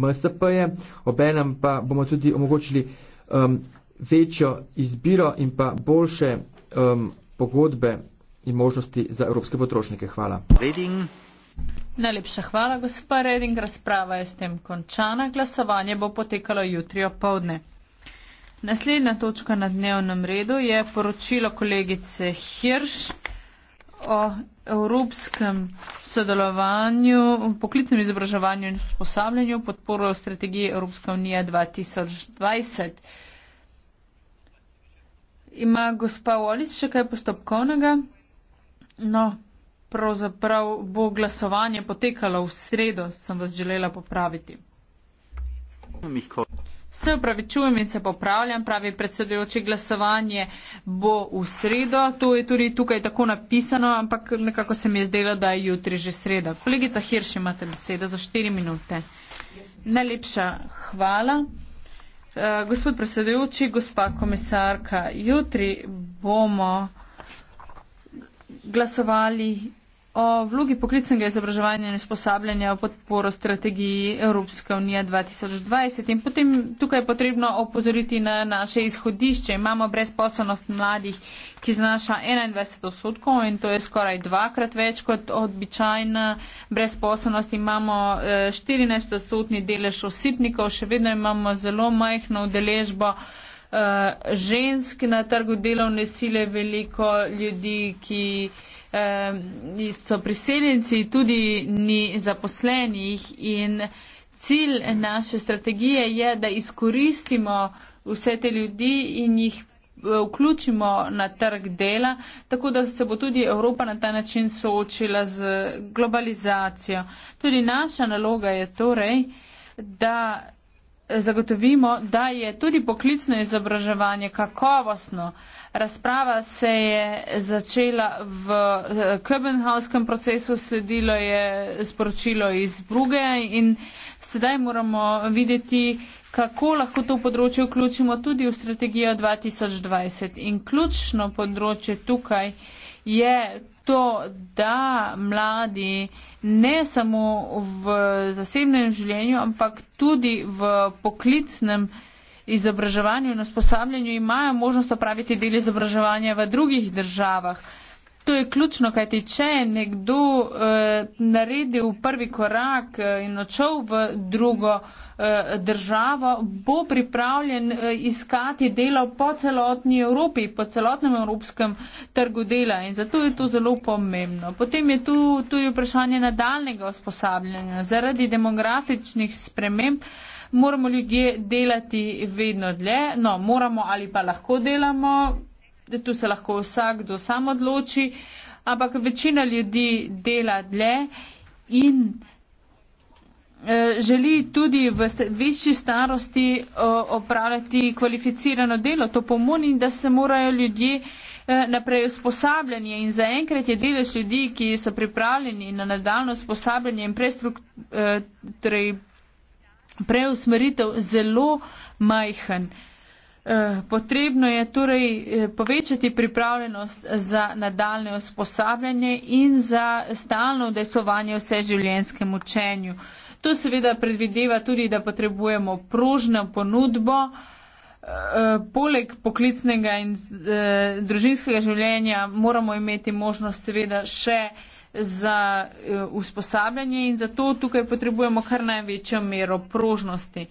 MSP-je, obenem pa bomo tudi omogočili um, večjo izbiro in pa boljše um, pogodbe in možnosti za evropske potrošnike. Hvala. Reding. Najlepša hvala, gospa Reding. Razprava je s tem končana. Glasovanje bo potekalo jutri opovdne. Naslednja točka na dnevnem redu je poročilo kolegice Hirš o evropskem sodelovanju, poklicnem izobraževanju in usposabljanju, podporo strategiji Evropska unija 2020. Ima gospa Olic še kaj postopkovnega? No, pravzaprav bo glasovanje potekalo v sredo, sem vas želela popraviti. Mihko. Se upravičujem in se popravljam, pravi predsedujoči glasovanje bo v sredo, to je tudi tukaj tako napisano, ampak nekako se mi je zdelo, da je jutri že sreda. Kolegica Hirš, imate besedo za štiri minute. Najlepša hvala. Uh, gospod predsedujoči, gospa komisarka, jutri bomo glasovali O vlogi poklicnega izobraževanja in usposabljanja v podporo strategiji Evropske unije 2020 in potem tukaj je potrebno opozoriti na naše izhodišče. Imamo brezposobnost mladih, ki znaša 21 odstotkov in to je skoraj dvakrat več kot običajna brezposobnost. Imamo 14 e, odstotni delež osipnikov, še vedno imamo zelo majhno udeležbo. Eh, žensk na trgu delovne sile, veliko ljudi, ki eh, so priseljenci, tudi ni zaposlenih in cilj naše strategije je, da izkoristimo vse te ljudi in jih eh, vključimo na trg dela, tako da se bo tudi Evropa na ta način soočila z globalizacijo. Tudi naša naloga je torej, da zagotovimo, da je tudi poklicno izobraževanje kakovostno. Razprava se je začela v eh, Köbenhavskem procesu, sledilo je sporočilo iz Bruge in sedaj moramo videti, kako lahko to področje vključimo tudi v strategijo 2020. In ključno področje tukaj je to, da mladi ne samo v zasebnem življenju, ampak tudi v poklicnem izobraževanju in usposabljanju imajo možnost opraviti del izobraževanja v drugih državah. To je ključno, kaj ti če je nekdo eh, naredil prvi korak eh, in odšel v drugo eh, državo, bo pripravljen eh, iskati delo po celotni Evropi, po celotnem evropskem trgu dela in zato je to zelo pomembno. Potem je tu tudi vprašanje nadaljnega usposabljanja. Zaradi demografičnih sprememb moramo ljudje delati vedno dlje, no moramo ali pa lahko delamo da tu se lahko vsakdo sam odloči, ampak večina ljudi dela dlje in eh, želi tudi v višji starosti opravljati kvalificirano delo. To pomeni, da se morajo ljudje eh, naprej usposabljati in zaenkrat je delež ljudi, ki so pripravljeni na nadaljno usposabljanje in eh, torej preusmeritev zelo majhen. Eh, potrebno je torej eh, povečati pripravljenost za nadaljne usposabljanje in za stalno vdesovanje vse življenjskem učenju. To seveda predvideva tudi, da potrebujemo prožno ponudbo, eh, poleg poklicnega in družinskega življenja moramo imeti možnost seveda še za usposabljanje in zato tukaj potrebujemo kar največjo mero prožnosti.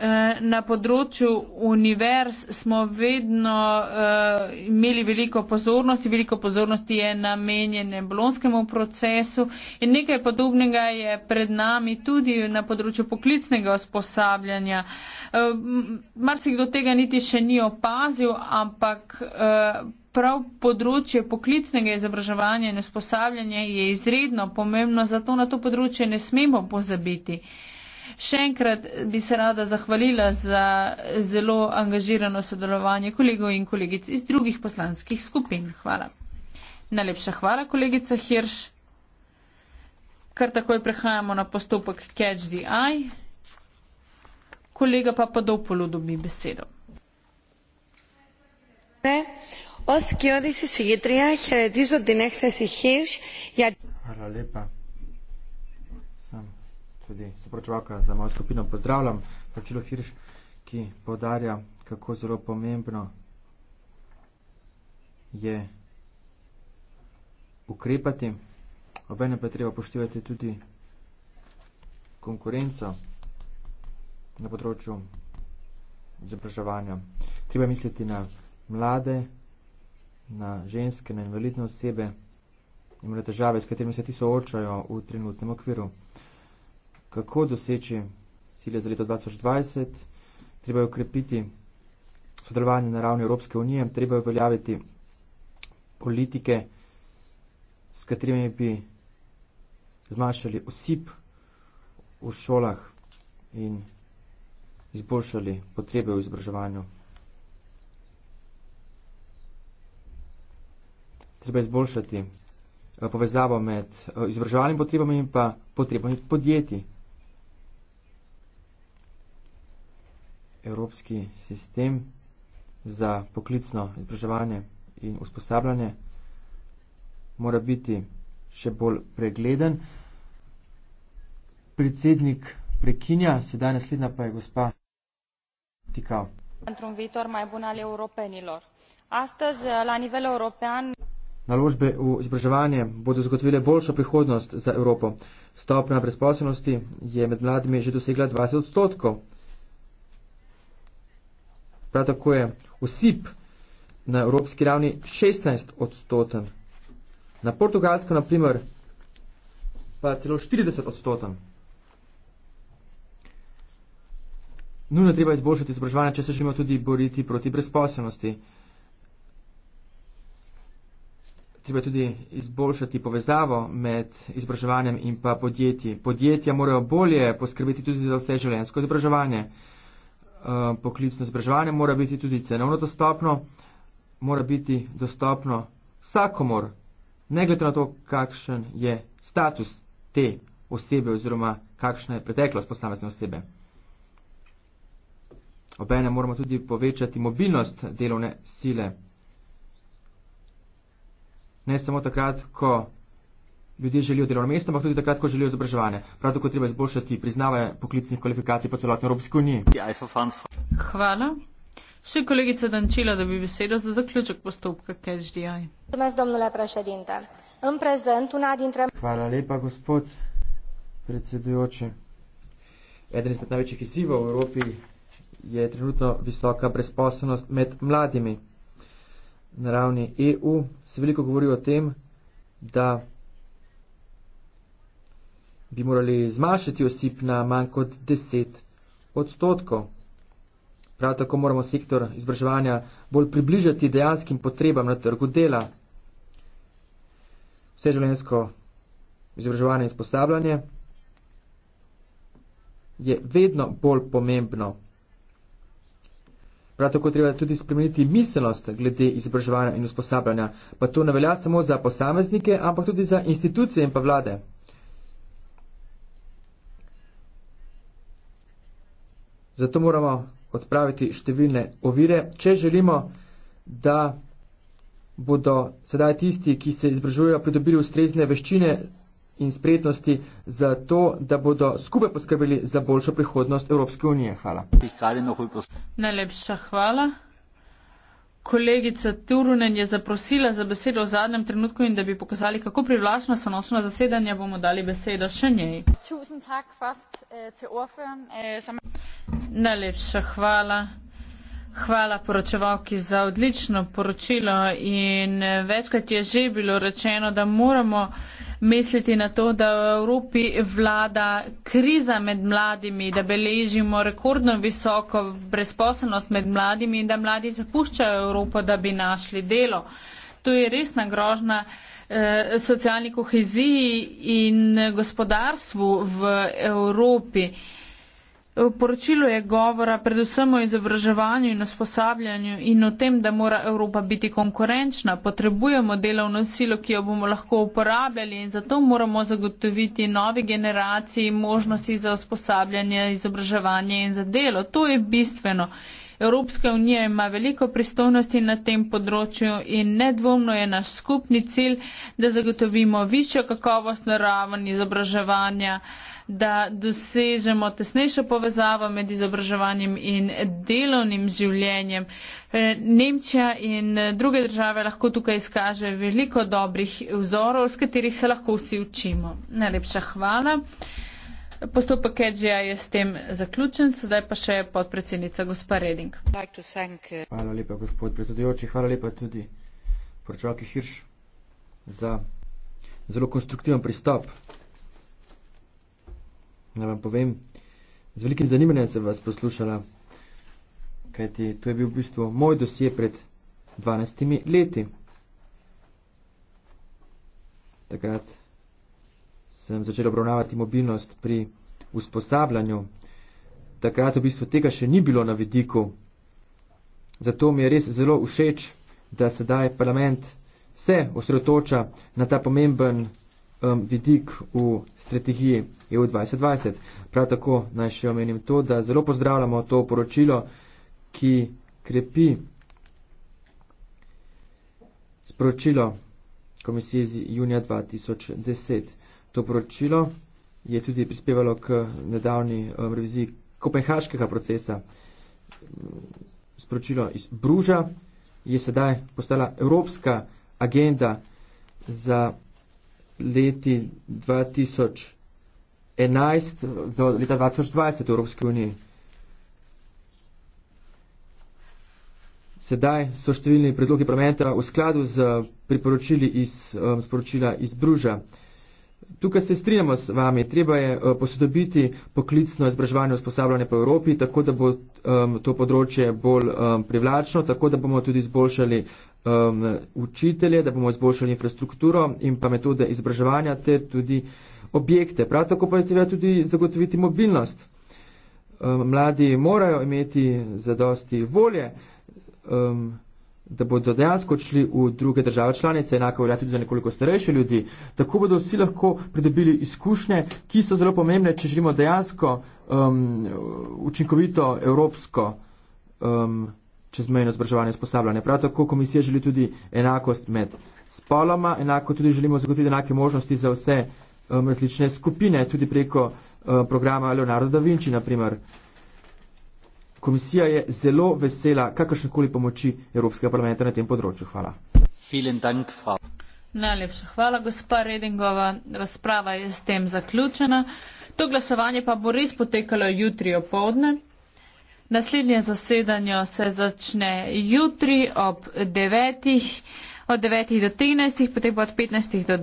Eh, na področju univerz smo vedno uh, imeli veliko pozornosti, veliko pozornosti je namenjene bolonskemu procesu in nekaj podobnega je pred nami tudi na področju poklicnega usposabljanja. Uh, Marsikdo tega niti še ni opazil, ampak. Uh, Prav področje poklicnega izobraževanja in usposabljanja je izredno pomembno, zato na to področje ne smemo pozabiti. Uh, Še enkrat bi se rada zahvalila za zelo angažirano sodelovanje kolegov in kolegic iz drugih poslanskih skupin. Hvala. Najlepša hvala, kolegica Hirš. Kar takoj prehajamo na postopek Catch the Eye. Kolega Papadopoulos dobi besedo. Ne. Os Kiodis iz Sigitrija, heretizo Dinehtes Hirš. Hvala lepa. Samo tudi sopročevalka za mojo skupino. Pozdravljam, Pročilo Hirš, ki podarja, kako zelo pomembno je ukrepati. Obenem pa je treba poštevati tudi konkurenco na področju izobraževanja. Treba misliti na mlade, na ženske, na invalidne osebe in na težave, s katerimi se ti soočajo v trenutnem okviru kako doseči cilje za leto 2020. Treba je ukrepiti sodelovanje na ravni Evropske unije, treba je uveljaviti politike, s katerimi bi zmanjšali osip v šolah in izboljšali potrebe v izobraževanju. Treba je izboljšati eh, povezavo med eh, izobraževalnimi potrebami in pa potrebami podjetij, evropski sistem za poklicno izobraževanje in usposabljanje mora biti še bolj pregleden. Predsednik prekinja, sedaj naslednja pa je gospa Tikal. Astăzi, la nivel european... Naložbe v izobraževanje bodo zagotovile boljšo prihodnost za Evropo. Stopna brezposobnosti je med mladimi že dosegla 20 odstotkov. Prav tako je osip na evropski ravni 16 odstoten. Na portugalsko, na primer, pa celo 40 odstoten. Nujno treba izboljšati izobraževanje, če se želimo tudi boriti proti brezposobnosti. Treba tudi izboljšati povezavo med izobraževanjem in pa podjetji. Podjetja morajo bolje poskrbeti tudi za vse življenjsko izobraževanje. Eh, poklicno izobraževanje mora biti tudi cenovno dostopno, mora biti dostopno vsakomor, ne glede na to, kakšen je status te osebe oziroma kakšna je preteklost posamezne osebe. Obene moramo tudi povečati mobilnost delovne sile. Ne samo takrat, ko ljudje želijo delovno mesto, ampak tudi takrat, ko želijo izobraževanje. Prav tako treba izboljšati priznavanje poklicnih kvalifikacij po celotni Evropski uniji. Hvala. Še kolegica Dančila, da bi besedo za zaključek postopka KSDI. Hvala lepa, gospod predsedujoči. Eden izmed največjih izzivov v Evropi je trenutno visoka brezposobnost med mladimi. Na ravni EU se veliko govori o tem, da bi morali zmanjšati osip na manj kot 10 odstotkov. Prav tako moramo sektor izbraževanja bolj približati dejanskim potrebam na trgu dela. Vse življenjsko izbraževanje in sposabljanje je vedno bolj pomembno. Prav tako treba tudi spremeniti miselnost glede izobraževanja in usposabljanja. Pa to ne velja samo za posameznike, ampak tudi za institucije in pa vlade. Zato moramo odpraviti številne ovire, če želimo, da bodo sedaj tisti, ki se izbražujejo, pridobili ustrezne veščine in spretnosti za to, da bodo skupaj poskrbeli za boljšo prihodnost Evropske unije. Hvala. Najlepša hvala. Kolegica Turunen je zaprosila za besedo v zadnjem trenutku in da bi pokazali, kako privlačna so nosna zasedanja, bomo dali besedo še njej. Najlepša hvala. Hvala poročevalki za odlično poročilo in eh, večkrat je že bilo rečeno, da moramo misliti na to, da v Evropi vlada kriza med mladimi, da beležimo rekordno visoko brezposobnost med mladimi in da mladi zapuščajo Evropo, da bi našli delo. To je resna grožna eh, socialni koheziji in gospodarstvu v Evropi. Eh, V poročilu je govora predvsem o izobraževanju in usposabljanju in o tem, da mora Evropa biti konkurenčna. Potrebujemo delovno silo, ki jo bomo lahko uporabljali in zato moramo zagotoviti novi generaciji možnosti za usposabljanje, izobraževanje in za delo. To je bistveno. Evropska unija ima veliko pristojnosti na tem področju in nedvomno je naš skupni cilj, da zagotovimo višjo kakovostno raven izobraževanja da dosežemo tesnejšo povezavo med izobraževanjem in delovnim življenjem. E, Nemčija in druge države lahko tukaj izkaže veliko dobrih vzorov, z katerih se lahko vsi učimo. Najlepša hvala. Postopek EGA je s tem zaključen, sedaj pa še podpredsednica gospa Reding. Uh, hvala lepa, gospod predsedujoči, hvala lepa tudi poročevalki Hirš za zelo konstruktiven pristop da vam povem, z velikim zanimanjem sem vas poslušala, kajti to je bil v bistvu moj dosje pred 12 leti. Takrat sem začela obravnavati mobilnost pri usposabljanju. Takrat v bistvu tega še ni bilo na vidiku. Zato mi je res zelo všeč, da sedaj parlament se osredotoča na ta pomemben um, vidik v strategiji EU 2020. Prav tako naj še omenim to, da zelo pozdravljamo to poročilo, ki krepi sporočilo komisije iz junija 2010. To poročilo je tudi prispevalo k nedavni um, reviziji kopenhaškega procesa. Sporočilo iz Bruža je sedaj postala evropska agenda za leti 2011 do leta 2020 v Evropski uniji. Sedaj so številni predlogi parlamenta v skladu z priporočili iz um, sporočila iz Bruža. Tukaj se strinjamo z vami, treba je eh, posodobiti poklicno izobraževanje in usposabljanje po Evropi, tako da bo um, to področje bolj um, privlačno, tako da bomo tudi izboljšali um, učitelje, da bomo izboljšali infrastrukturo in pa metode izobraževanja ter tudi objekte. Prav tako pa je treba tudi zagotoviti mobilnost. Um, mladi morajo imeti zadosti volje. Um, da bodo dejansko odšli v druge države članice, enako velja tudi za nekoliko starejše ljudi. Tako bodo vsi lahko pridobili izkušnje, ki so zelo pomembne, če želimo dejansko um, učinkovito evropsko um, čezmejno zbrževanje sposabljanje. Prav tako komisija želi tudi enakost med spoloma, enako tudi želimo zagotoviti enake možnosti za vse um, različne skupine, tudi preko uh, programa Leonardo da Vinci, naprimer. Komisija je zelo vesela kakršnekoli pomoči Evropskega parlamenta na tem področju. Hvala. Najlepša hvala, gospa Redingova. Razprava je s tem zaključena. To glasovanje pa bo res potekalo jutri opovdne. Naslednje zasedanje se začne jutri ob 9. Od 9. do 13. potem pa od 15. do 20.